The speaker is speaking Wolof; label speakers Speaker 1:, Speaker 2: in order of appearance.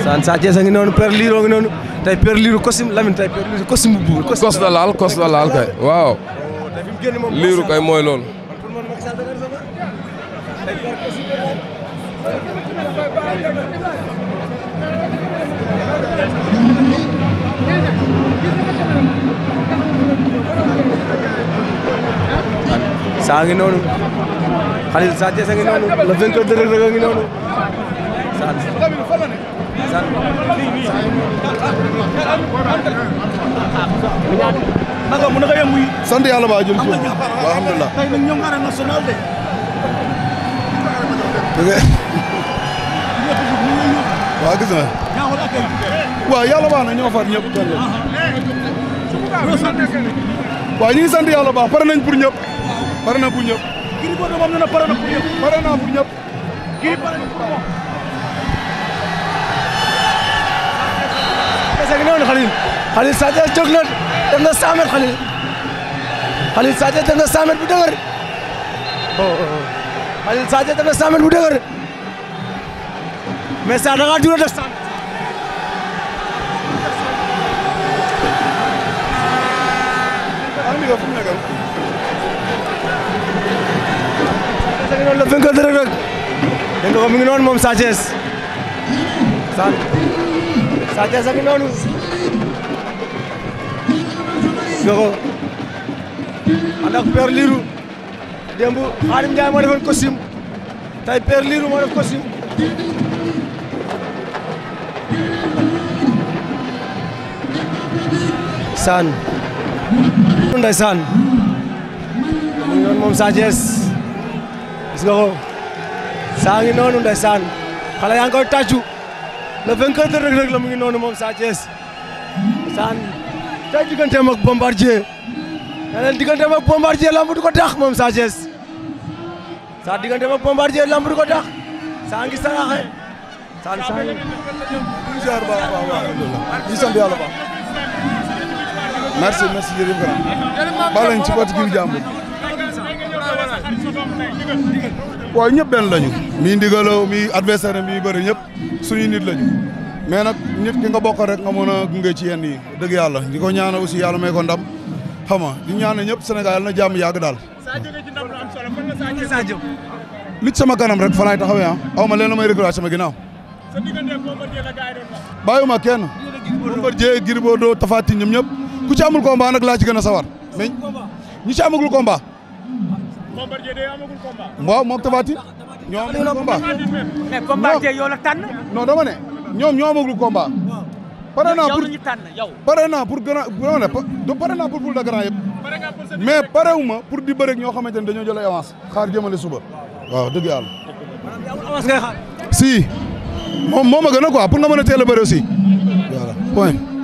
Speaker 1: san Sa Thiès a ngi noonu Père Lirou a ngi noonu tey Père Lirou costume Lamine tey Père Lirou costume la laal kos la laal kay waaw. Oh, Lirou kay mooy loolu. saa ngi noonu
Speaker 2: naka mu naka yëngu yi. sant yàlla ba jëm ci woon alhamdulilah. gis na. waaw yàlla baax na ñoo far ñëpp. waaw ngi sant yàlla baax pare nañ pour ñëpp. na pour ñëpp.
Speaker 1: na pour ngi noonu xalil xalil Sa Thiès jóg na def na 100 mètres xalil xalil Sa Thiès def na 100 mètres bu dëgër xalil Sa Thiès def na 100 mètres bu dëgër mais Sa da ngaa dugg def 100 mètres. le vainqueur de Reug Reug dégg nga ko mi ngi noonu moom Sa Thiès Sa Thiès a ngi noonu Sokho ànd ak Père Lirou démb Xaadim Njaay moo defoon costume tey Père Lirou moo def costume saan ndeysaan mu ngi noonu moom Sa Thiès gis nga ko saa ngi noonu ndeysaan xale yaa ngi koy tàccu le vainqueur de mu ngi noonu moom Sa Thiès saan tey digganteem ak Bombardier nee na la ak Bombardier lamb du ko tax moom Sa Thiès saa digganteem ak Bombardier lamb du saan saa ngi jaar baax baax baax di sant yàlla baax merci
Speaker 2: merci jërëjëf baal nañ ci booti waaw ñëpp benn lañu mii ndigalo mii adversaire mii bëri ñëpp suñu nit lañu mais nag nit ki bokk rek nga mën a gunge ci yi dëgg yàlla di ko ñaana aussi yàlla may ko ndam di ñaana ñëpp senegal na jàmm yàgg daal. li ci sama kanam rek fa laay taxawee ah aw ma leen may réglage sama ginnaaw. bàyyiwuma kenn. Bombardier Gris Bordeaux Tapha Tine ñëpp ku ci amul combat nag laa ci gën a sawar mais ñi ci amagul Bombardier day amagul combat. waaw moom Tapha Tine ñoo amagul combat. mais Bombardier yow la tànn. non dama ne ñoom ñoo amagul pare naa pour yow yow. pare naa pour grand non non pare naa pour poule de grand yëpp. mais parewu ma pour di bëreeg ñoo xamante ne dañoo jël avance. xaar jëmale suba. waaw dëgg yàlla. avance ngay si moo ma gën a quoi pour nga mën a teel a bëri aussi. voilà